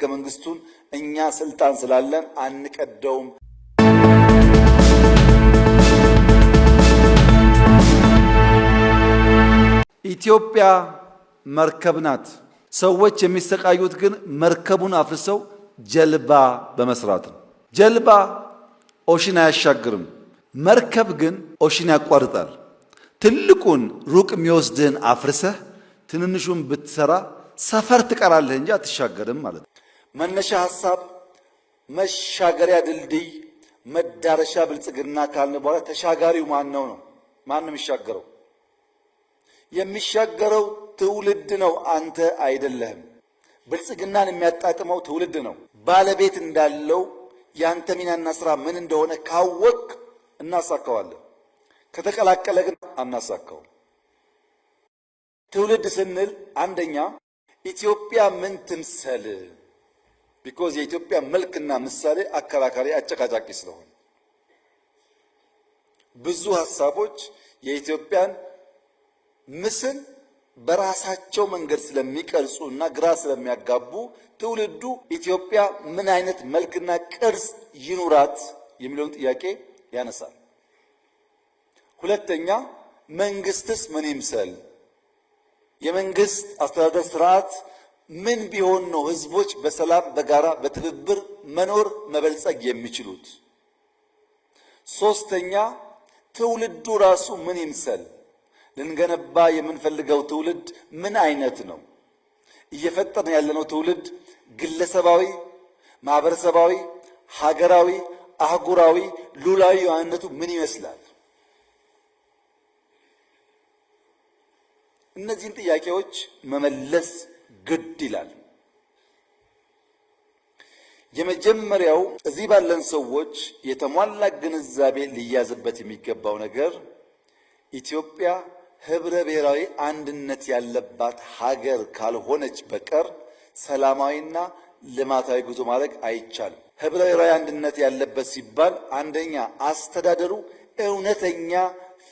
ህገ መንግስቱን እኛ ስልጣን ስላለን አንቀደውም። ኢትዮጵያ መርከብ ናት። ሰዎች የሚሰቃዩት ግን መርከቡን አፍርሰው ጀልባ በመስራት ነው። ጀልባ ኦሽን አያሻግርም፣ መርከብ ግን ኦሽን ያቋርጣል። ትልቁን ሩቅ የሚወስድህን አፍርሰህ ትንንሹን ብትሰራ ሰፈር ትቀራለህ እንጂ አትሻገርም ማለት ነው። መነሻ ሀሳብ መሻገሪያ ድልድይ መዳረሻ ብልጽግና ካልን በኋላ ተሻጋሪው ማን ነው ነው ማን ነው የሚሻገረው? የሚሻገረው ትውልድ ነው፣ አንተ አይደለህም። ብልጽግናን የሚያጣጥመው ትውልድ ነው። ባለቤት እንዳለው የአንተ ሚናና ስራ ምን እንደሆነ ካወቅ እናሳካዋለን። ከተቀላቀለ ግን አናሳካው። ትውልድ ስንል አንደኛ ኢትዮጵያ ምን ትምሰል ቢኮዝ የኢትዮጵያ መልክና ምሳሌ አከራካሪ አጨቃጫቂ ስለሆነ ብዙ ሀሳቦች የኢትዮጵያን ምስል በራሳቸው መንገድ ስለሚቀርጹ እና ግራ ስለሚያጋቡ ትውልዱ ኢትዮጵያ ምን አይነት መልክና ቅርጽ ይኑራት የሚለውን ጥያቄ ያነሳል። ሁለተኛ መንግስትስ ምን ይምሰል? የመንግስት አስተዳደር ስርዓት ምን ቢሆን ነው ህዝቦች በሰላም በጋራ በትብብር መኖር መበልጸግ የሚችሉት? ሶስተኛ ትውልዱ ራሱ ምን ይምሰል? ልንገነባ የምንፈልገው ትውልድ ምን አይነት ነው? እየፈጠርን ያለነው ትውልድ ግለሰባዊ፣ ማህበረሰባዊ፣ ሀገራዊ፣ አህጉራዊ፣ ሉላዊ የዋንነቱ ምን ይመስላል? እነዚህን ጥያቄዎች መመለስ ግድ ይላል። የመጀመሪያው እዚህ ባለን ሰዎች የተሟላ ግንዛቤ ሊያዝበት የሚገባው ነገር ኢትዮጵያ ህብረ ብሔራዊ አንድነት ያለባት ሀገር ካልሆነች በቀር ሰላማዊና ልማታዊ ጉዞ ማድረግ አይቻልም። ህብረ ብሔራዊ አንድነት ያለበት ሲባል አንደኛ አስተዳደሩ እውነተኛ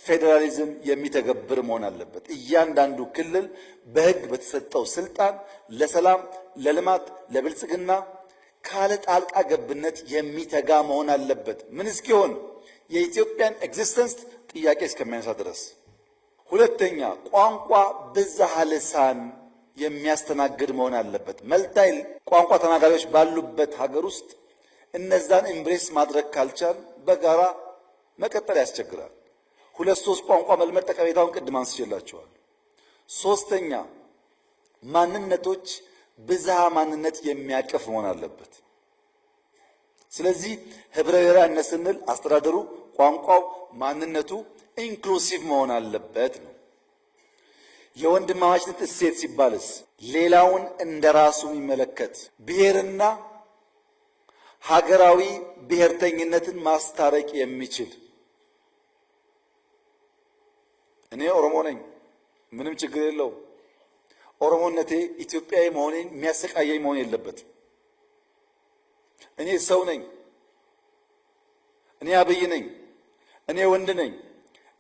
ፌዴራሊዝም የሚተገብር መሆን አለበት። እያንዳንዱ ክልል በህግ በተሰጠው ስልጣን ለሰላም፣ ለልማት፣ ለብልጽግና ካለ ጣልቃ ገብነት የሚተጋ መሆን አለበት። ምን እስኪሆን የኢትዮጵያን ኤግዚስተንስ ጥያቄ እስከሚያነሳ ድረስ። ሁለተኛ ቋንቋ ብዝሃ ልሳን የሚያስተናግድ መሆን አለበት። መልታይ ቋንቋ ተናጋሪዎች ባሉበት ሀገር ውስጥ እነዛን ኢምብሬስ ማድረግ ካልቻል በጋራ መቀጠል ያስቸግራል። ሁለት ሶስት ቋንቋ መልመድ ጠቀሜታውን ቅድም አንስቼላችኋል። ሶስተኛ ማንነቶች ብዝሃ ማንነት የሚያቅፍ መሆን አለበት። ስለዚህ ህብረ ብሔራዊነት ስንል አስተዳደሩ፣ ቋንቋው፣ ማንነቱ ኢንክሉሲቭ መሆን አለበት ነው። የወንድማማችነት እሴት ሲባልስ ሌላውን እንደ ራሱ የሚመለከት ብሔርና ሀገራዊ ብሔርተኝነትን ማስታረቅ የሚችል እኔ ኦሮሞ ነኝ፣ ምንም ችግር የለው። ኦሮሞነቴ ኢትዮጵያዊ መሆኔን የሚያሰቃየኝ መሆን የለበትም። እኔ ሰው ነኝ፣ እኔ አብይ ነኝ፣ እኔ ወንድ ነኝ።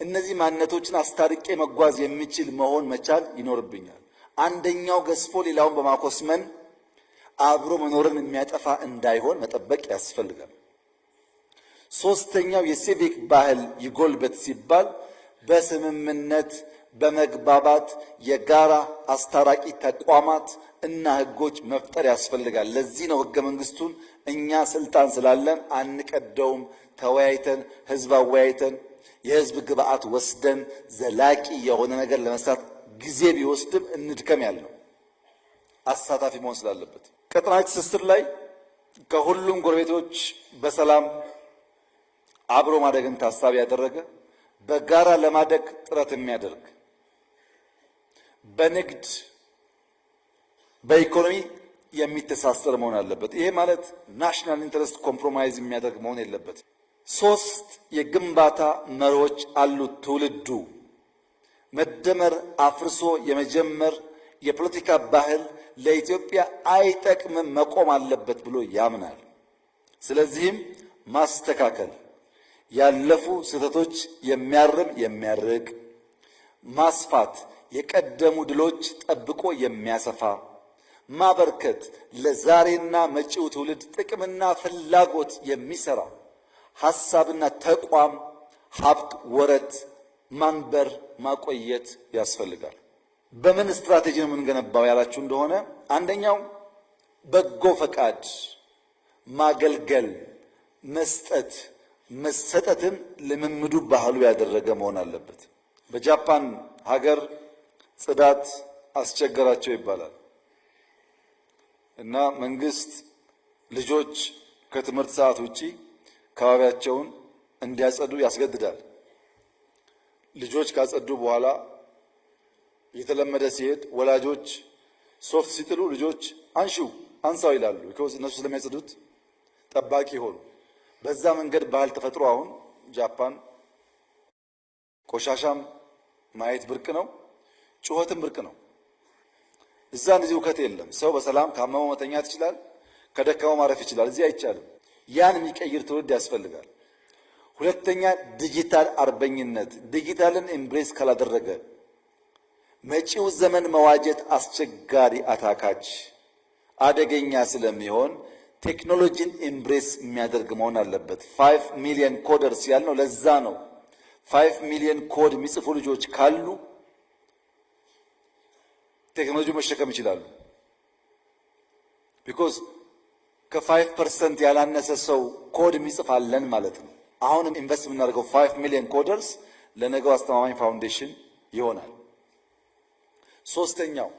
እነዚህ ማንነቶችን አስታርቄ መጓዝ የሚችል መሆን መቻል ይኖርብኛል። አንደኛው ገዝፎ ሌላውን በማኮስመን አብሮ መኖርን የሚያጠፋ እንዳይሆን መጠበቅ ያስፈልጋል። ሶስተኛው የሲቪክ ባህል ይጎልበት ሲባል በስምምነት በመግባባት የጋራ አስታራቂ ተቋማት እና ህጎች መፍጠር ያስፈልጋል። ለዚህ ነው ህገ መንግስቱን እኛ ስልጣን ስላለን አንቀደውም። ተወያይተን ህዝብ አወያይተን የህዝብ ግብአት ወስደን ዘላቂ የሆነ ነገር ለመስራት ጊዜ ቢወስድም እንድከም ያልነው አሳታፊ መሆን ስላለበት ቀጠናዊ ትስስር ላይ ከሁሉም ጎረቤቶች በሰላም አብሮ ማደግን ታሳቢ ያደረገ በጋራ ለማደግ ጥረት የሚያደርግ በንግድ በኢኮኖሚ የሚተሳሰር መሆን አለበት። ይሄ ማለት ናሽናል ኢንትረስት ኮምፕሮማይዝ የሚያደርግ መሆን የለበት ሶስት የግንባታ መሪዎች አሉት። ትውልዱ መደመር አፍርሶ የመጀመር የፖለቲካ ባህል ለኢትዮጵያ አይጠቅምም፣ መቆም አለበት ብሎ ያምናል። ስለዚህም ማስተካከል ያለፉ ስህተቶች የሚያርም የሚያርቅ ማስፋት የቀደሙ ድሎች ጠብቆ የሚያሰፋ ማበርከት ለዛሬና መጪው ትውልድ ጥቅምና ፍላጎት የሚሰራ ሐሳብና ተቋም ሀብት ወረት ማንበር ማቆየት ያስፈልጋል። በምን ስትራቴጂ ነው የምንገነባው ያላችሁ እንደሆነ አንደኛው በጎ ፈቃድ ማገልገል መስጠት መሰጠትም ልምምዱ ባህሉ ያደረገ መሆን አለበት። በጃፓን ሀገር ጽዳት አስቸገራቸው ይባላል እና መንግስት ልጆች ከትምህርት ሰዓት ውጪ አካባቢያቸውን እንዲያጸዱ ያስገድዳል። ልጆች ካጸዱ በኋላ እየተለመደ ሲሄድ ወላጆች ሶፍት ሲጥሉ ልጆች አንሺው አንሳው ይላሉ። እነሱ ስለሚያጸዱት ጠባቂ ሆኑ። በዛ መንገድ ባህል ተፈጥሮ አሁን ጃፓን ቆሻሻም ማየት ብርቅ ነው፣ ጩኸትም ብርቅ ነው። እዛ እንደዚህ ውከት የለም። ሰው በሰላም ካመመው መተኛት ይችላል፣ ከደከመው ማረፍ ይችላል። እዚህ አይቻልም። ያን የሚቀይር ትውልድ ያስፈልጋል። ሁለተኛ ዲጂታል አርበኝነት፣ ዲጂታልን ኤምብሬስ ካላደረገ መጪው ዘመን መዋጀት አስቸጋሪ፣ አታካች፣ አደገኛ ስለሚሆን ቴክኖሎጂን ኤምብሬስ የሚያደርግ መሆን አለበት። ፋይቭ ሚሊዮን ኮደርስ ያልነው ለዛ ነው። ፋይቭ ሚሊዮን ኮድ የሚጽፉ ልጆች ካሉ ቴክኖሎጂ መሸከም ይችላሉ። ቢኮዝ ከፋይቭ ፐርሰንት ያላነሰ ሰው ኮድ የሚጽፋለን ማለት ነው። አሁን ኢንቨስት የምናደርገው ፋይቭ ሚሊዮን ኮደርስ ለነገው አስተማማኝ ፋውንዴሽን ይሆናል። ሶስተኛው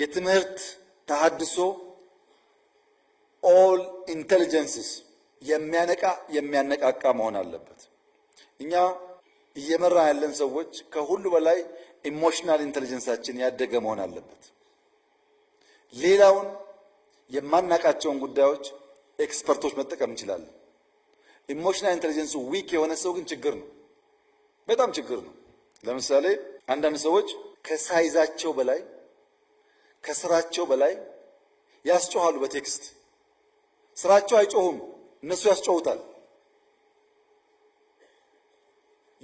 የትምህርት ተሃድሶ ኦል ኢንቴሊጀንስስ የሚያነቃ የሚያነቃቃ መሆን አለበት። እኛ እየመራ ያለን ሰዎች ከሁሉ በላይ ኢሞሽናል ኢንቴሊጀንሳችን ያደገ መሆን አለበት። ሌላውን የማናቃቸውን ጉዳዮች ኤክስፐርቶች መጠቀም እንችላለን። ኢሞሽናል ኢንቴሊጀንሱ ዊክ የሆነ ሰው ግን ችግር ነው፣ በጣም ችግር ነው። ለምሳሌ አንዳንድ ሰዎች ከሳይዛቸው በላይ ከስራቸው በላይ ያስጮኋሉ በቴክስት ስራቸው አይጮሁም፣ እነሱ ያስጮሁታል።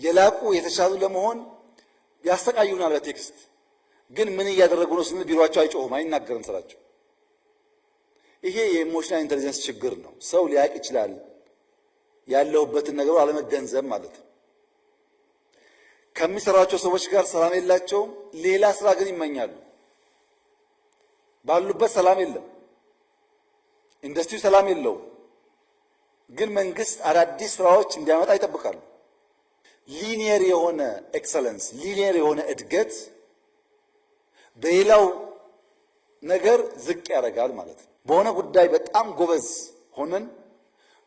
የላቁ የተሻሉ ለመሆን ያሰቃዩናል። በቴክስት ግን ምን እያደረጉ ነው ስንል ቢሮቸው አይጮሁም፣ አይናገርም ስራቸው። ይሄ የኢሞሽናል ኢንቴሊጀንስ ችግር ነው። ሰው ሊያቅ ይችላል፣ ያለሁበትን ነገሩ አለመገንዘብ ማለት ነው። ከሚሰራቸው ሰዎች ጋር ሰላም የላቸውም። ሌላ ስራ ግን ይመኛሉ። ባሉበት ሰላም የለም። ኢንዱስትሪው ሰላም የለው ግን መንግስት አዳዲስ ስራዎች እንዲያመጣ ይጠብቃሉ። ሊኒየር የሆነ ኤክሰለንስ፣ ሊኒየር የሆነ እድገት በሌላው ነገር ዝቅ ያደርጋል ማለት ነው። በሆነ ጉዳይ በጣም ጎበዝ ሆነን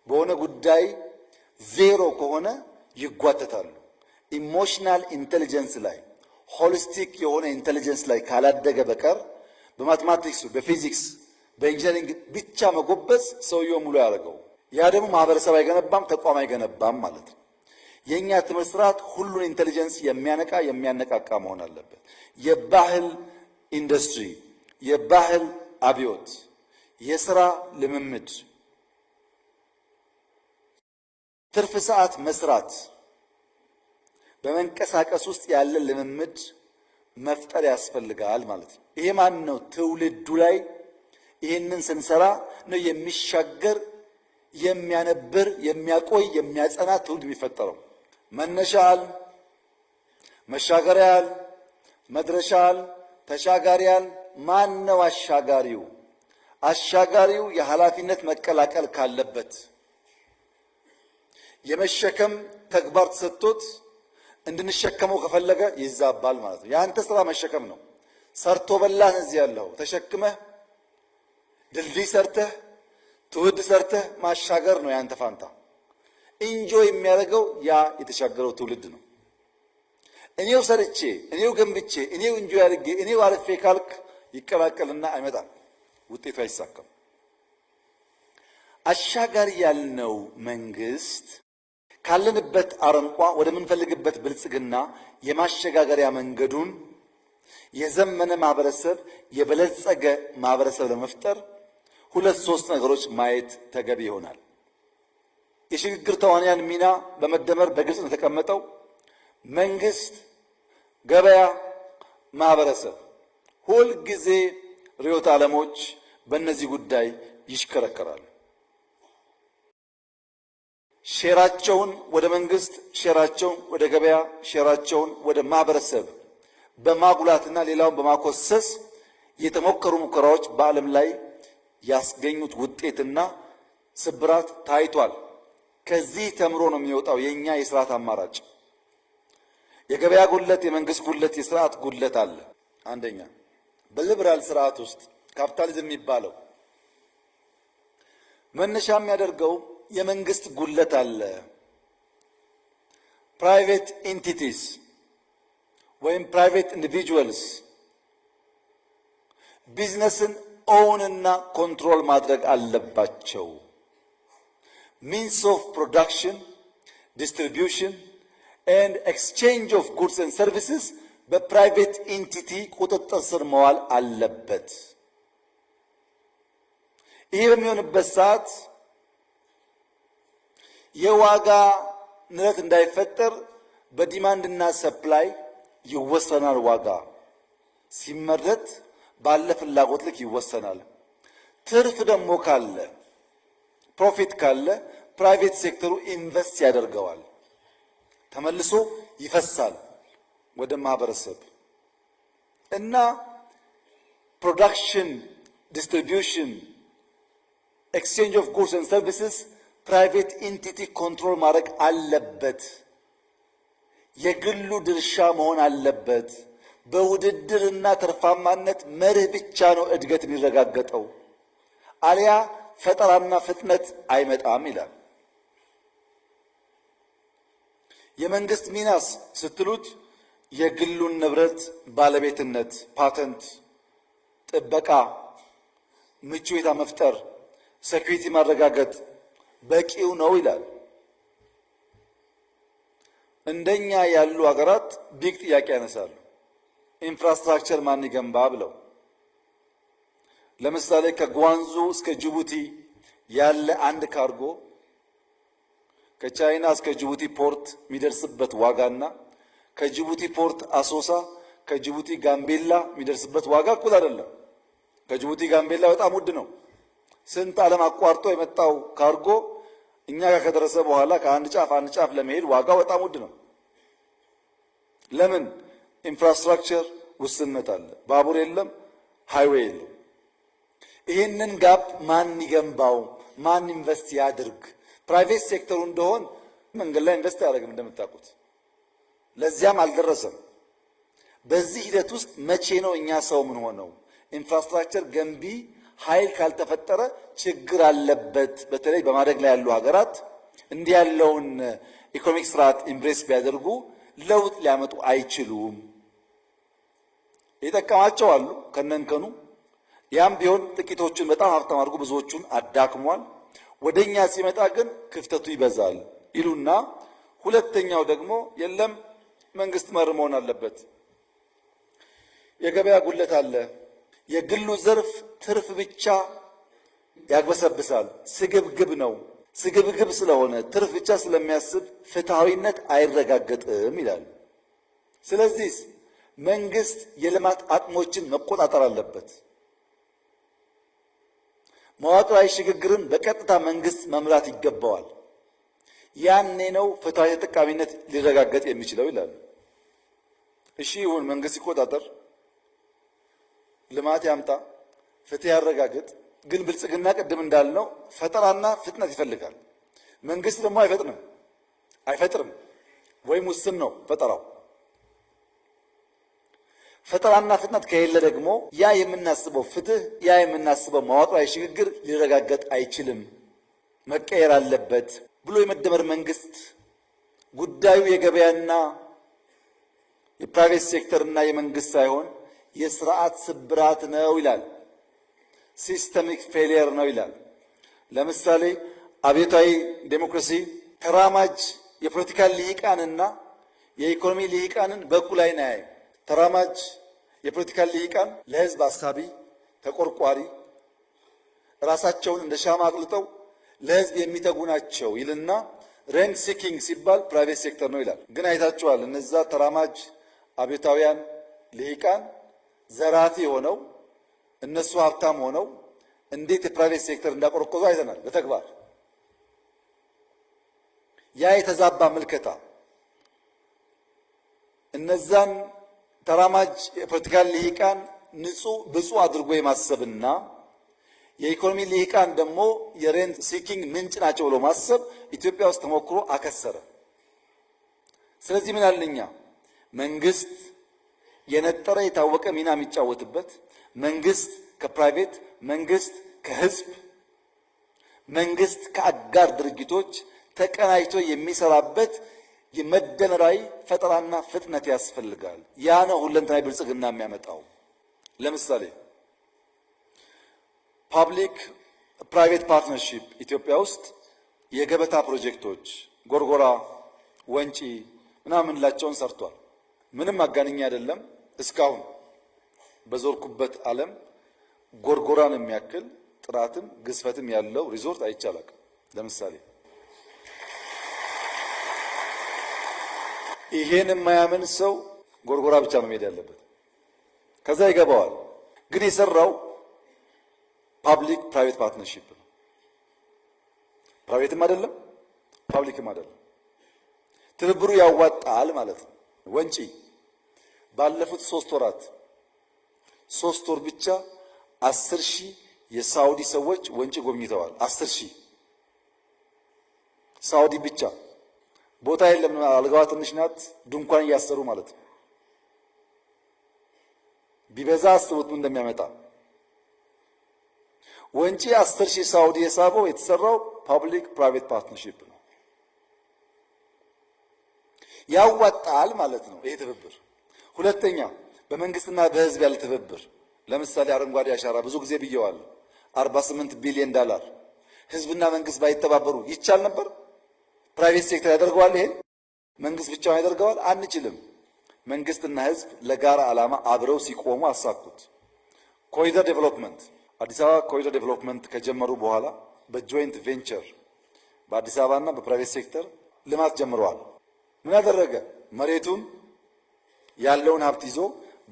በሆነ ጉዳይ ዜሮ ከሆነ ይጓተታሉ። ኢሞሽናል ኢንቴሊጀንስ ላይ ሆሊስቲክ የሆነ ኢንቴሊጀንስ ላይ ካላደገ በቀር በማትማቲክሱ በፊዚክስ በኢንጂነሪንግ ብቻ መጎበዝ ሰውየው ሙሉ ያደርገው። ያ ደግሞ ማህበረሰብ አይገነባም፣ ተቋም አይገነባም ማለት ነው። የእኛ ትምህርት ስርዓት ሁሉን ኢንቴሊጀንስ የሚያነቃ የሚያነቃቃ መሆን አለበት። የባህል ኢንዱስትሪ፣ የባህል አብዮት፣ የስራ ልምምድ፣ ትርፍ ሰዓት መስራት፣ በመንቀሳቀስ ውስጥ ያለ ልምምድ መፍጠር ያስፈልጋል ማለት ነው። ይሄ ማን ነው ትውልዱ ላይ ይህንን ስንሰራ ነው የሚሻገር የሚያነብር የሚያቆይ የሚያጸና ትውልድ የሚፈጠረው። መነሻል መሻገሪያል መድረሻል ተሻጋሪያል ማን ነው አሻጋሪው? አሻጋሪው የኃላፊነት መቀላቀል ካለበት የመሸከም ተግባር ተሰጥቶት እንድንሸከመው ከፈለገ ይዛባል ማለት ነው። የአንተ ስራ መሸከም ነው። ሰርቶ በላን እዚህ ያለው ተሸክመህ ድልድይ ሰርተህ ትውልድ ሰርተህ ማሻገር ነው ያንተ ፋንታ። እንጆ የሚያደርገው ያ የተሻገረው ትውልድ ነው። እኔው ሰርቼ እኔው ገንብቼ እኔው እንጆ ያድርጌ እኔው አልፌ ካልክ ይቀላቀልና አይመጣም፣ ውጤቱ አይሳካም። አሻጋሪ ያልነው መንግስት ካለንበት አረንቋ ወደምንፈልግበት ብልጽግና የማሸጋገሪያ መንገዱን የዘመነ ማህበረሰብ የበለጸገ ማህበረሰብ ለመፍጠር ሁለት ሶስት ነገሮች ማየት ተገቢ ይሆናል። የሽግግር ተዋንያን ሚና በመደመር በግልጽ የተቀመጠው መንግስት፣ ገበያ፣ ማህበረሰብ ሁልጊዜ ርዕዮተ ዓለሞች በእነዚህ ጉዳይ ይሽከረከራሉ። ሼራቸውን ወደ መንግስት፣ ሼራቸውን ወደ ገበያ፣ ሼራቸውን ወደ ማህበረሰብ በማጉላትና ሌላውን በማኮሰስ የተሞከሩ ሙከራዎች በዓለም ላይ ያስገኙት ውጤትና ስብራት ታይቷል። ከዚህ ተምሮ ነው የሚወጣው የእኛ የስርዓት አማራጭ። የገበያ ጉለት የመንግስት ጉለት፣ የስርዓት ጉድለት አለ። አንደኛ በሊበራል ስርዓት ውስጥ ካፒታሊዝም የሚባለው መነሻ የሚያደርገው የመንግስት ጉለት አለ። ፕራይቬት ኢንቲቲስ ወይም ፕራይቬት ኢንዲቪጁዋልስ ቢዝነስን ኦውንና ኮንትሮል ማድረግ አለባቸው። ሚንስ ኦፍ ፕሮዳክሽን ዲስትሪቢዩሽን ኤንድ ኤክስቼንጅ ኦፍ ጉድስ ኤንድ ሰርቪስስ በፕራይቬት ኢንቲቲ ቁጥጥር ስር መዋል አለበት። ይሄ በሚሆንበት ሰዓት የዋጋ ንረት እንዳይፈጠር እና ሰፕላይ ይወሰናል። ዋጋ ሲመረት ባለ ፍላጎት ልክ ይወሰናል። ትርፍ ደግሞ ካለ ፕሮፊት ካለ ፕራይቬት ሴክተሩ ኢንቨስት ያደርገዋል፣ ተመልሶ ይፈሳል ወደ ማህበረሰብ እና ፕሮዳክሽን፣ ዲስትሪቢዩሽን፣ ኤክስቼንጅ ኦፍ ጉድስ ኤንድ ሰርቪስስ ፕራይቬት ኢንቲቲ ኮንትሮል ማድረግ አለበት። የግሉ ድርሻ መሆን አለበት። በውድድርና ትርፋማነት መርህ ብቻ ነው እድገት የሚረጋገጠው፣ አሊያ ፈጠራና ፍጥነት አይመጣም ይላል። የመንግስት ሚናስ ስትሉት የግሉን ንብረት ባለቤትነት፣ ፓተንት፣ ጥበቃ፣ ምቹ ሁኔታ መፍጠር፣ ሴኩሪቲ ማረጋገጥ በቂው ነው ይላል። እንደኛ ያሉ ሀገራት ቢግ ጥያቄ ያነሳሉ። ኢንፍራስትራክቸር ማን ይገንባ ብለው ለምሳሌ ከጓንዙ እስከ ጅቡቲ ያለ አንድ ካርጎ ከቻይና እስከ ጅቡቲ ፖርት የሚደርስበት ዋጋና ከጅቡቲ ፖርት አሶሳ ከጅቡቲ ጋምቤላ የሚደርስበት ዋጋ እኩል አይደለም። ከጅቡቲ ጋምቤላ በጣም ውድ ነው። ስንት ዓለም አቋርጦ የመጣው ካርጎ እኛ ጋር ከደረሰ በኋላ ከአንድ ጫፍ አንድ ጫፍ ለመሄድ ዋጋው በጣም ውድ ነው። ለምን? ኢንፍራስትራክቸር ውስንነት አለ። ባቡር የለም፣ ሃይዌይ የለም። ይህንን ጋፕ ማን ይገንባው? ማን ኢንቨስት ያድርግ? ፕራይቬት ሴክተሩ እንደሆን መንገድ ላይ ኢንቨስት አያደርግም እንደምታውቁት፣ ለዚያም አልደረሰም። በዚህ ሂደት ውስጥ መቼ ነው እኛ ሰው ምን ሆነው ኢንፍራስትራክቸር ገንቢ ኃይል ካልተፈጠረ ችግር አለበት። በተለይ በማደግ ላይ ያሉ ሀገራት እንዲህ ያለውን ኢኮኖሚክ ስርዓት ኢምብሬስ ቢያደርጉ ለውጥ ሊያመጡ አይችሉም። የጠቀማቸው አሉ ከነንከኑ። ያም ቢሆን ጥቂቶቹን በጣም ሀብታም አድርጎ ብዙዎቹን አዳክሟል። ወደኛ ሲመጣ ግን ክፍተቱ ይበዛል ይሉና ሁለተኛው ደግሞ የለም መንግስት መር መሆን አለበት፣ የገበያ ጉለት አለ፣ የግሉ ዘርፍ ትርፍ ብቻ ያግበሰብሳል፣ ስግብግብ ነው። ስግብግብ ስለሆነ ትርፍ ብቻ ስለሚያስብ ፍትሐዊነት አይረጋገጥም ይላል። ስለዚህ መንግስት የልማት አቅሞችን መቆጣጠር አለበት። መዋቅራዊ ሽግግርን በቀጥታ መንግስት መምራት ይገባዋል። ያኔ ነው ፍትሐዊ ተጠቃሚነት ሊረጋገጥ የሚችለው ይላሉ። እሺ ይሁን፣ መንግስት ይቆጣጠር፣ ልማት ያምጣ፣ ፍትህ ያረጋግጥ። ግን ብልጽግና ቅድም እንዳልነው ፈጠራና ፍጥነት ይፈልጋል። መንግስት ደግሞ አይፈጥንም አይፈጥርም፣ ወይም ውስን ነው ፈጠራው። ፈጠራና ፍጥነት ከሌለ ደግሞ ያ የምናስበው ፍትህ፣ ያ የምናስበው መዋቅራዊ ሽግግር ሊረጋገጥ አይችልም። መቀየር አለበት ብሎ የመደመር መንግስት ጉዳዩ የገበያና የፕራይቬት ሴክተርና የመንግስት ሳይሆን የስርዓት ስብራት ነው ይላል። ሲስተሚክ ፌሊየር ነው ይላል። ለምሳሌ አብዮታዊ ዴሞክራሲ ተራማጅ የፖለቲካ ልሂቃንና የኢኮኖሚ ልሂቃንን በእኩል አይን ተራማጅ የፖለቲካ ልሂቃን ለህዝብ አሳቢ፣ ተቆርቋሪ ራሳቸውን እንደ ሻማ አቅልጠው ለህዝብ የሚተጉ ናቸው ይልና ሬንት ሲኪንግ ሲባል ፕራይቬት ሴክተር ነው ይላል። ግን አይታችኋል፣ እነዛ ተራማጅ አብዮታውያን ልሂቃን ዘራፊ ሆነው እነሱ ሀብታም ሆነው እንዴት የፕራይቬት ሴክተር እንዳቆረቆዙ አይተናል በተግባር። ያ የተዛባ ምልከታ እነዛን ተራማጅ የፖለቲካ ልሂቃን ንጹህ ብፁዕ አድርጎ የማሰብና የኢኮኖሚ ልሂቃን ደግሞ የሬንት ሲኪንግ ምንጭ ናቸው ብሎ ማሰብ ኢትዮጵያ ውስጥ ተሞክሮ አከሰረ። ስለዚህ ምን አለኛ መንግስት የነጠረ የታወቀ ሚና የሚጫወትበት መንግስት ከፕራይቬት መንግስት ከህዝብ መንግስት ከአጋር ድርጅቶች ተቀናጅቶ የሚሰራበት መደመራዊ ፈጠራና ፍጥነት ያስፈልጋል። ያ ነው ሁለንተናዊ ብልጽግና የሚያመጣው። ለምሳሌ ፓብሊክ ፕራይቬት ፓርትነርሺፕ ኢትዮጵያ ውስጥ የገበታ ፕሮጀክቶች ጎርጎራ፣ ወንጪ ምናምን ላቸውን ሰርቷል። ምንም አጋንኛ አይደለም። እስካሁን በዞርኩበት ዓለም ጎርጎራን የሚያክል ጥራትም ግዝፈትም ያለው ሪዞርት አይቻላቅም። ለምሳሌ ይሄን የማያምን ሰው ጎርጎራ ብቻ ነው መሄድ ያለበት። ከዛ ይገባዋል። ግን የሰራው ፓብሊክ ፕራይቬት ፓርትነርሺፕ ነው። ፕራይቬትም አይደለም ፓብሊክም አይደለም። ትብብሩ ያዋጣል ማለት ነው። ወንጪ ባለፉት ሶስት ወራት ሶስት ወር ብቻ አስር ሺህ የሳውዲ ሰዎች ወንጪ ጎብኝተዋል። አስር ሺህ ሳውዲ ብቻ ቦታ የለም። አልጋዋ ትንሽ ናት። ድንኳን እያሰሩ ማለት ነው። ቢበዛ አስቡት ምን እንደሚያመጣ። ወንጪ አስር ሺህ ሳውዲ የሳበው የተሰራው ፓብሊክ ፕራይቬት ፓርትነርሺፕ ነው። ያዋጣል ማለት ነው ይሄ ትብብር። ሁለተኛ በመንግስትና በህዝብ ያለ ትብብር፣ ለምሳሌ አረንጓዴ አሻራ ብዙ ጊዜ ብየዋለሁ። 48 ቢሊዮን ዳላር ህዝብና መንግስት ባይተባበሩ ይቻል ነበር። ፕራይቬት ሴክተር ያደርገዋል። ይሄን መንግስት ብቻውን ያደርገዋል? አንችልም። መንግስትና ህዝብ ለጋራ ዓላማ አብረው ሲቆሙ አሳኩት። ኮሪደር ዴቨሎፕመንት አዲስ አበባ ኮሪደር ዴቨሎፕመንት ከጀመሩ በኋላ በጆይንት ቬንቸር በአዲስ አበባና በፕራይቬት ሴክተር ልማት ጀምረዋል። ምን ያደረገ መሬቱን ያለውን ሀብት ይዞ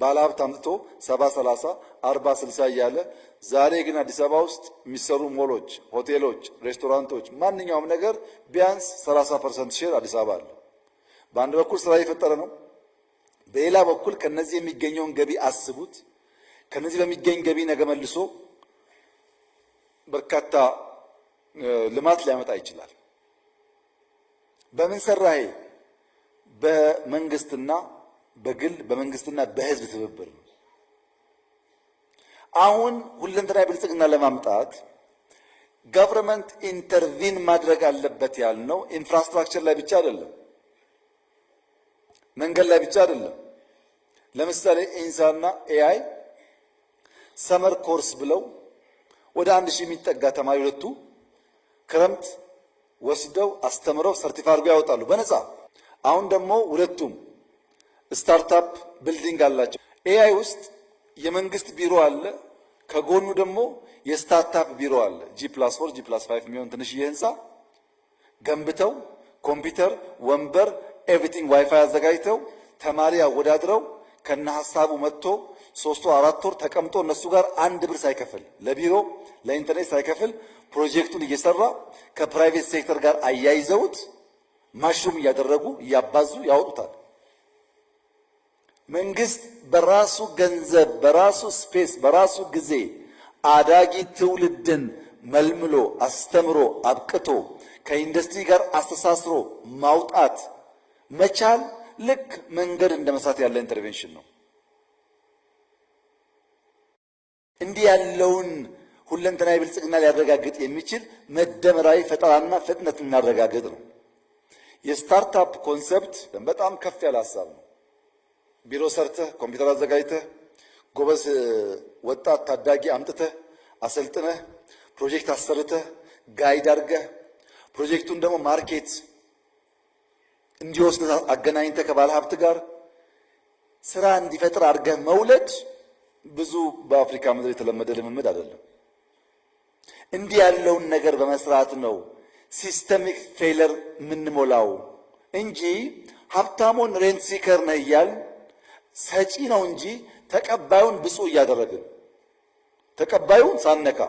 ባለ ሀብት አምጥቶ ሰባ ሰላሳ አርባ ስልሳ እያለ ዛሬ ግን አዲስ አበባ ውስጥ የሚሰሩ ሞሎች፣ ሆቴሎች፣ ሬስቶራንቶች፣ ማንኛውም ነገር ቢያንስ 30 ፐርሰንት ሼር አዲስ አበባ አለ። በአንድ በኩል ስራ እየፈጠረ ነው። በሌላ በኩል ከነዚህ የሚገኘውን ገቢ አስቡት። ከነዚህ በሚገኝ ገቢ ነገ መልሶ በርካታ ልማት ሊያመጣ ይችላል። በምን ሰራሄ? በመንግስትና በግል በመንግስትና በህዝብ ትብብር ነው። አሁን ሁለንተናዊ ብልጽግና ለማምጣት ገቨርንመንት ኢንተርቪን ማድረግ አለበት ያልነው ኢንፍራስትራክቸር ላይ ብቻ አይደለም፣ መንገድ ላይ ብቻ አይደለም። ለምሳሌ ኢንሳና ኤአይ ሰመር ኮርስ ብለው ወደ አንድ ሺህ የሚጠጋ ተማሪ ሁለቱ ክረምት ወስደው አስተምረው ሰርቲፋ አድርገው ያወጣሉ በነፃ። አሁን ደግሞ ሁለቱም ስታርታፕ ቢልዲንግ አላቸው። ኤአይ ውስጥ የመንግስት ቢሮ አለ፣ ከጎኑ ደግሞ የስታርታፕ ቢሮ አለ። ጂ ፕላስ ፎር ጂ ፕላስ ፋይቭ የሚሆን ትንሽዬ ህንፃ ገንብተው ኮምፒውተር፣ ወንበር፣ ኤቭሪቲንግ ዋይፋይ አዘጋጅተው ተማሪ አወዳድረው ከነ ሀሳቡ መጥቶ ሶስት ወር አራት ወር ተቀምጦ እነሱ ጋር አንድ ብር ሳይከፍል ለቢሮ ለኢንተርኔት ሳይከፍል ፕሮጀክቱን እየሰራ ከፕራይቬት ሴክተር ጋር አያይዘውት ማሽሩም እያደረጉ እያባዙ ያወጡታል። መንግስት በራሱ ገንዘብ፣ በራሱ ስፔስ፣ በራሱ ጊዜ አዳጊ ትውልድን መልምሎ አስተምሮ አብቅቶ ከኢንዱስትሪ ጋር አስተሳስሮ ማውጣት መቻል ልክ መንገድ እንደ መስራት ያለ ኢንተርቬንሽን ነው። እንዲህ ያለውን ሁለንተናዊ ብልጽግና ሊያረጋግጥ የሚችል መደመራዊ ፈጠራና ፍጥነት ልናረጋግጥ ነው። የስታርታፕ ኮንሰፕት በጣም ከፍ ያለ ሀሳብ ነው። ቢሮ ሰርተህ ኮምፒውተር አዘጋጅተህ ጎበዝ ወጣት ታዳጊ አምጥተህ አሰልጥነህ ፕሮጀክት አሰርተህ ጋይድ አድርገህ ፕሮጀክቱን ደግሞ ማርኬት እንዲወስድ አገናኝተህ ከባለ ሀብት ጋር ስራ እንዲፈጥር አድርገህ መውለድ ብዙ በአፍሪካ ምድር የተለመደ ልምምድ አይደለም። እንዲህ ያለውን ነገር በመስራት ነው ሲስተሚክ ፌለር የምንሞላው እንጂ ሀብታሙን ሬንት ሲከር ነህ እያል ሰጪ ነው እንጂ ተቀባዩን ብፁዕ እያደረግን ተቀባዩን ሳነካ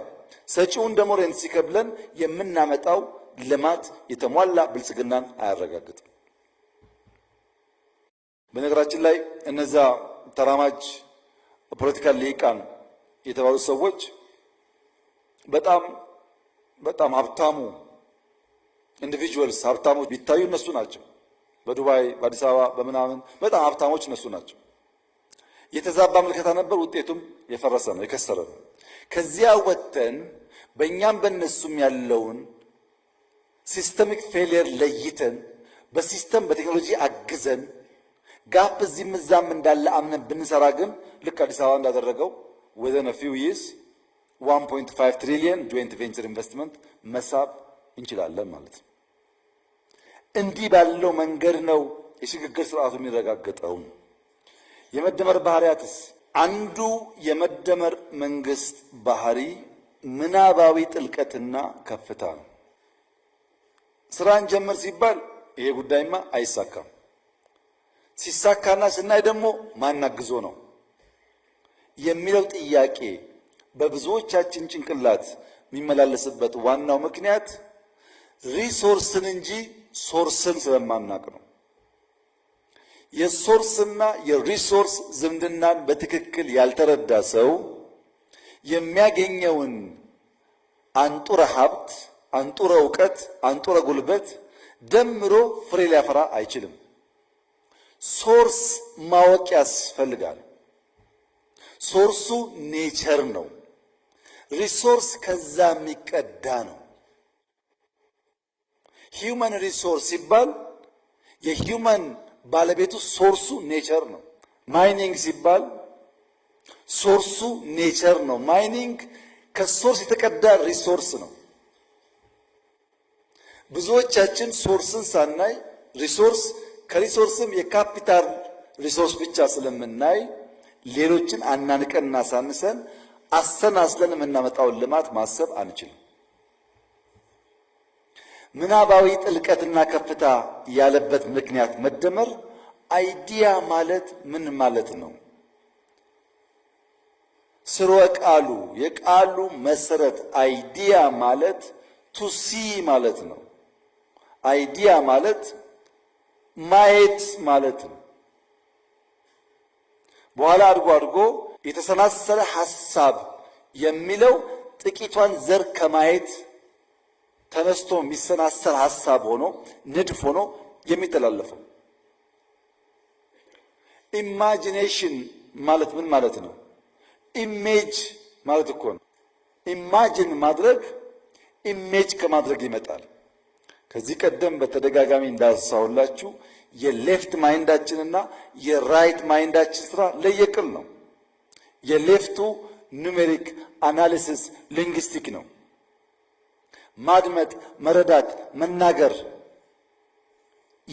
ሰጪውን ደግሞ ሬንት ሲከብለን የምናመጣው ልማት የተሟላ ብልጽግናን አያረጋግጥም። በነገራችን ላይ እነዛ ተራማጅ ፖለቲካ ሊቃን የተባሉ ሰዎች በጣም በጣም ሀብታሙ ኢንዲቪጁዋልስ ሀብታሞች ቢታዩ እነሱ ናቸው። በዱባይ በአዲስ አበባ በምናምን በጣም ሀብታሞች እነሱ ናቸው። የተዛባ ምልከታ ነበር። ውጤቱም የፈረሰ ነው፣ የከሰረ ነው። ከዚያ ወጥተን በእኛም በእነሱም ያለውን ሲስተሚክ ፌሊየር ለይተን በሲስተም በቴክኖሎጂ አግዘን ጋፕ እዚህም እዛም እንዳለ አምነን ብንሰራ ግን ልክ አዲስ አበባ እንዳደረገው ወዘን ፊው ይስ 1.5 ትሪሊየን ጆይንት ቬንቸር ኢንቨስትመንት መሳብ እንችላለን ማለት ነው። እንዲህ ባለው መንገድ ነው የሽግግር ስርዓቱ የሚረጋገጠውም። የመደመር ባህሪያትስ አንዱ የመደመር መንግስት ባህሪ ምናባዊ ጥልቀትና ከፍታ ነው። ስራን ጀምር ሲባል ይሄ ጉዳይማ አይሳካም፣ ሲሳካና ስናይ ደግሞ ማናግዞ ነው የሚለው ጥያቄ በብዙዎቻችን ጭንቅላት የሚመላለስበት ዋናው ምክንያት ሪሶርስን እንጂ ሶርስን ስለማናቅ ነው። የሶርስና የሪሶርስ ዝምድናን በትክክል ያልተረዳ ሰው የሚያገኘውን አንጡረ ሀብት፣ አንጡረ እውቀት፣ አንጡረ ጉልበት ደምሮ ፍሬ ሊያፈራ አይችልም። ሶርስ ማወቅ ያስፈልጋል። ሶርሱ ኔቸር ነው። ሪሶርስ ከዛ የሚቀዳ ነው። ሂውማን ሪሶርስ ሲባል የሂውማን ባለቤቱ ሶርሱ ኔቸር ነው። ማይኒንግ ሲባል ሶርሱ ኔቸር ነው። ማይኒንግ ከሶርስ የተቀዳ ሪሶርስ ነው። ብዙዎቻችን ሶርስን ሳናይ ሪሶርስ ከሪሶርስም የካፒታል ሪሶርስ ብቻ ስለምናይ ሌሎችን አናንቀን እናሳንሰን አሰናስለን የምናመጣውን ልማት ማሰብ አንችልም። ምናባዊ ጥልቀትና ከፍታ ያለበት ምክንያት መደመር አይዲያ ማለት ምን ማለት ነው? ስርወ ቃሉ የቃሉ መሰረት አይዲያ ማለት ቱሲ ማለት ነው። አይዲያ ማለት ማየት ማለት ነው። በኋላ አድርጎ አድርጎ የተሰናሰለ ሐሳብ የሚለው ጥቂቷን ዘር ከማየት ተነስቶ የሚሰናሰል ሀሳብ ሆኖ ንድፍ ሆኖ የሚተላለፈው። ኢማጂኔሽን ማለት ምን ማለት ነው? ኢሜጅ ማለት እኮ ነው። ኢማጂን ማድረግ ኢሜጅ ከማድረግ ይመጣል። ከዚህ ቀደም በተደጋጋሚ እንዳሳሁላችሁ የሌፍት ማይንዳችንና የራይት ማይንዳችን ስራ ለየቅል ነው። የሌፍቱ ኑሜሪክ አናሊሲስ ሊንግስቲክ ነው። ማድመጥ፣ መረዳት፣ መናገር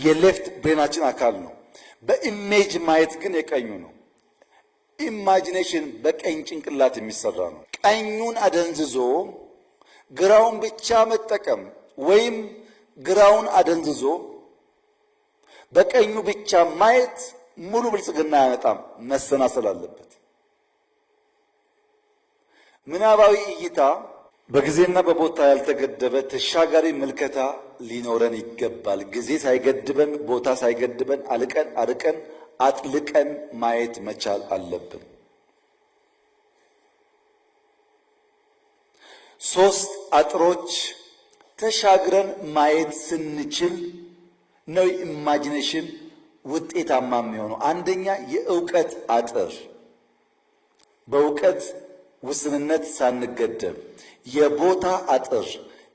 የሌፍት ብሬናችን አካል ነው። በኢሜጅ ማየት ግን የቀኙ ነው። ኢማጂኔሽን በቀኝ ጭንቅላት የሚሰራ ነው። ቀኙን አደንዝዞ ግራውን ብቻ መጠቀም ወይም ግራውን አደንዝዞ በቀኙ ብቻ ማየት ሙሉ ብልጽግና አያመጣም። መሰናሰል አለበት። ምናባዊ እይታ በጊዜና በቦታ ያልተገደበ ተሻጋሪ ምልከታ ሊኖረን ይገባል። ጊዜ ሳይገድበን፣ ቦታ ሳይገድበን አልቀን አርቀን አጥልቀን ማየት መቻል አለብን። ሶስት አጥሮች ተሻግረን ማየት ስንችል ነው ኢማጂኔሽን ውጤታማ የሚሆነው። አንደኛ የእውቀት አጥር በእውቀት ውስንነት ሳንገደብ የቦታ አጥር፣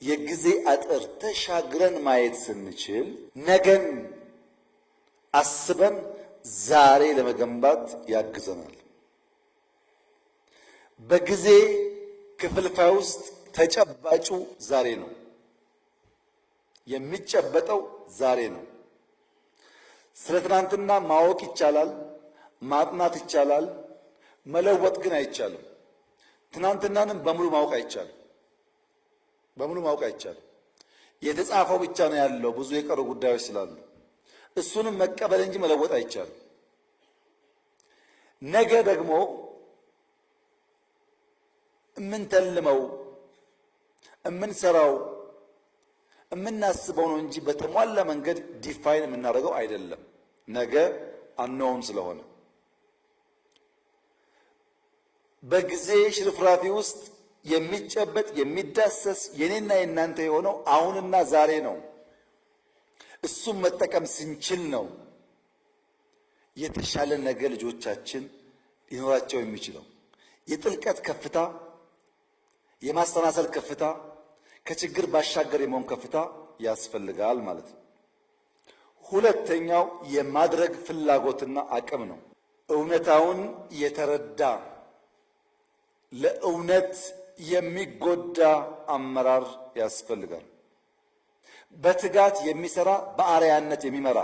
የጊዜ አጥር ተሻግረን ማየት ስንችል ነገን አስበን ዛሬ ለመገንባት ያግዘናል። በጊዜ ክፍልፋይ ውስጥ ተጨባጩ ዛሬ ነው። የሚጨበጠው ዛሬ ነው። ስለ ትናንትና ማወቅ ይቻላል፣ ማጥናት ይቻላል፣ መለወጥ ግን አይቻልም። ትናንትናንም በሙሉ ማወቅ አይቻልም። በሙሉ ማወቅ አይቻልም። የተጻፈው ብቻ ነው ያለው። ብዙ የቀሩ ጉዳዮች ስላሉ እሱንም መቀበል እንጂ መለወጥ አይቻልም። ነገ ደግሞ እምንተልመው እምንሰራው እምናስበው ነው እንጂ በተሟላ መንገድ ዲፋይን የምናደርገው አይደለም። ነገ አንነውም ስለሆነ በጊዜ ሽርፍራፊ ውስጥ የሚጨበጥ የሚዳሰስ የኔና የእናንተ የሆነው አሁንና ዛሬ ነው። እሱም መጠቀም ስንችል ነው የተሻለ ነገ ልጆቻችን ሊኖራቸው የሚችለው። የጥልቀት ከፍታ፣ የማሰናሰል ከፍታ፣ ከችግር ባሻገር የመሆን ከፍታ ያስፈልጋል ማለት ነው። ሁለተኛው የማድረግ ፍላጎትና አቅም ነው። እውነታውን የተረዳ ለእውነት የሚጎዳ አመራር ያስፈልጋል። በትጋት የሚሰራ በአርያነት የሚመራ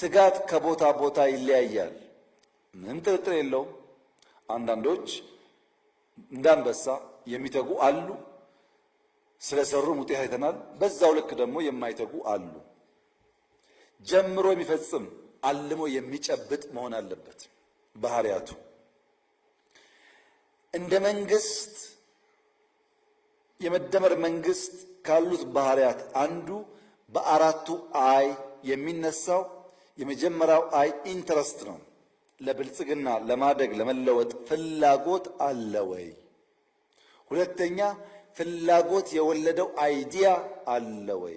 ትጋት ከቦታ ቦታ ይለያያል። ምንም ጥርጥር የለውም። አንዳንዶች እንዳንበሳ የሚተጉ አሉ። ስለሰሩም ውጤት አይተናል። በዛው ልክ ደግሞ የማይተጉ አሉ። ጀምሮ የሚፈጽም አልሞ የሚጨብጥ መሆን አለበት ባህሪያቱ። እንደ መንግስት የመደመር መንግስት ካሉት ባህሪያት አንዱ በአራቱ አይ የሚነሳው የመጀመሪያው አይ ኢንትረስት ነው። ለብልጽግና ለማደግ ለመለወጥ ፍላጎት አለ ወይ? ሁለተኛ ፍላጎት የወለደው አይዲያ አለ ወይ?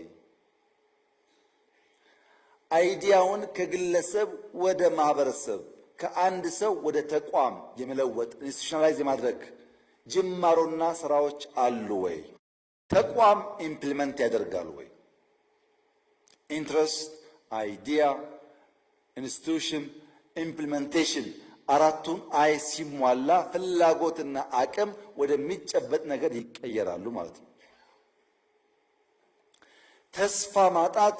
አይዲያውን ከግለሰብ ወደ ማህበረሰብ ከአንድ ሰው ወደ ተቋም የመለወጥ ኢንስቲቱሽናላይዝ የማድረግ ጅማሮና ስራዎች አሉ ወይ? ተቋም ኢምፕሊመንት ያደርጋል ወይ? ኢንትረስት፣ አይዲያ፣ ኢንስቲቱሽን፣ ኢምፕሊመንቴሽን አራቱን አይ ሲሟላ ፍላጎትና አቅም ወደሚጨበጥ ነገር ይቀየራሉ ማለት ነው። ተስፋ ማጣት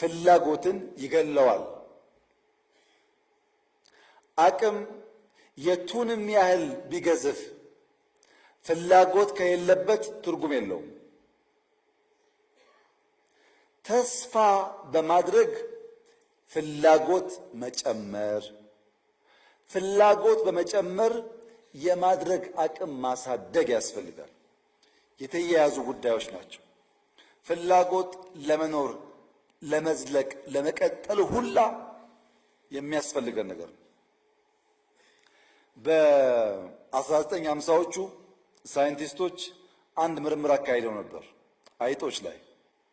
ፍላጎትን ይገለዋል። አቅም የቱንም ያህል ቢገዝፍ ፍላጎት ከሌለበት ትርጉም የለውም። ተስፋ በማድረግ ፍላጎት መጨመር፣ ፍላጎት በመጨመር የማድረግ አቅም ማሳደግ ያስፈልጋል። የተያያዙ ጉዳዮች ናቸው። ፍላጎት ለመኖር፣ ለመዝለቅ፣ ለመቀጠል ሁላ የሚያስፈልገን ነገር ነው። በ1950ዎቹ ሳይንቲስቶች አንድ ምርምር አካሂደው ነበር። አይጦች ላይ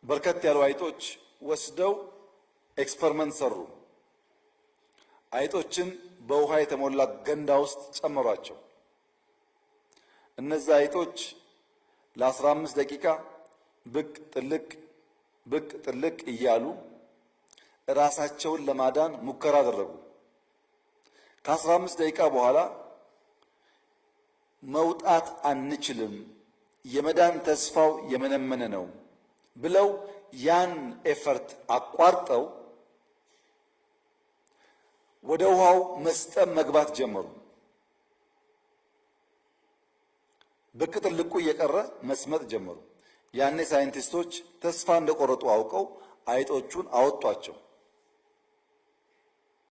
በርከት ያሉ አይጦች ወስደው ኤክስፐሪመንት ሰሩ። አይጦችን በውሃ የተሞላ ገንዳ ውስጥ ጨመሯቸው። እነዛ አይጦች ለ15 ደቂቃ ብቅ ጥልቅ ብቅ ጥልቅ እያሉ ራሳቸውን ለማዳን ሙከራ አደረጉ። ከ15 ደቂቃ በኋላ መውጣት አንችልም፣ የመዳን ተስፋው የመነመነ ነው ብለው ያን ኤፈርት አቋርጠው ወደ ውሃው መስጠም መግባት ጀመሩ። በቅጥር ልቁ እየቀረ መስመጥ ጀመሩ። ያኔ ሳይንቲስቶች ተስፋ እንደቆረጡ አውቀው አይጦቹን አወጧቸው።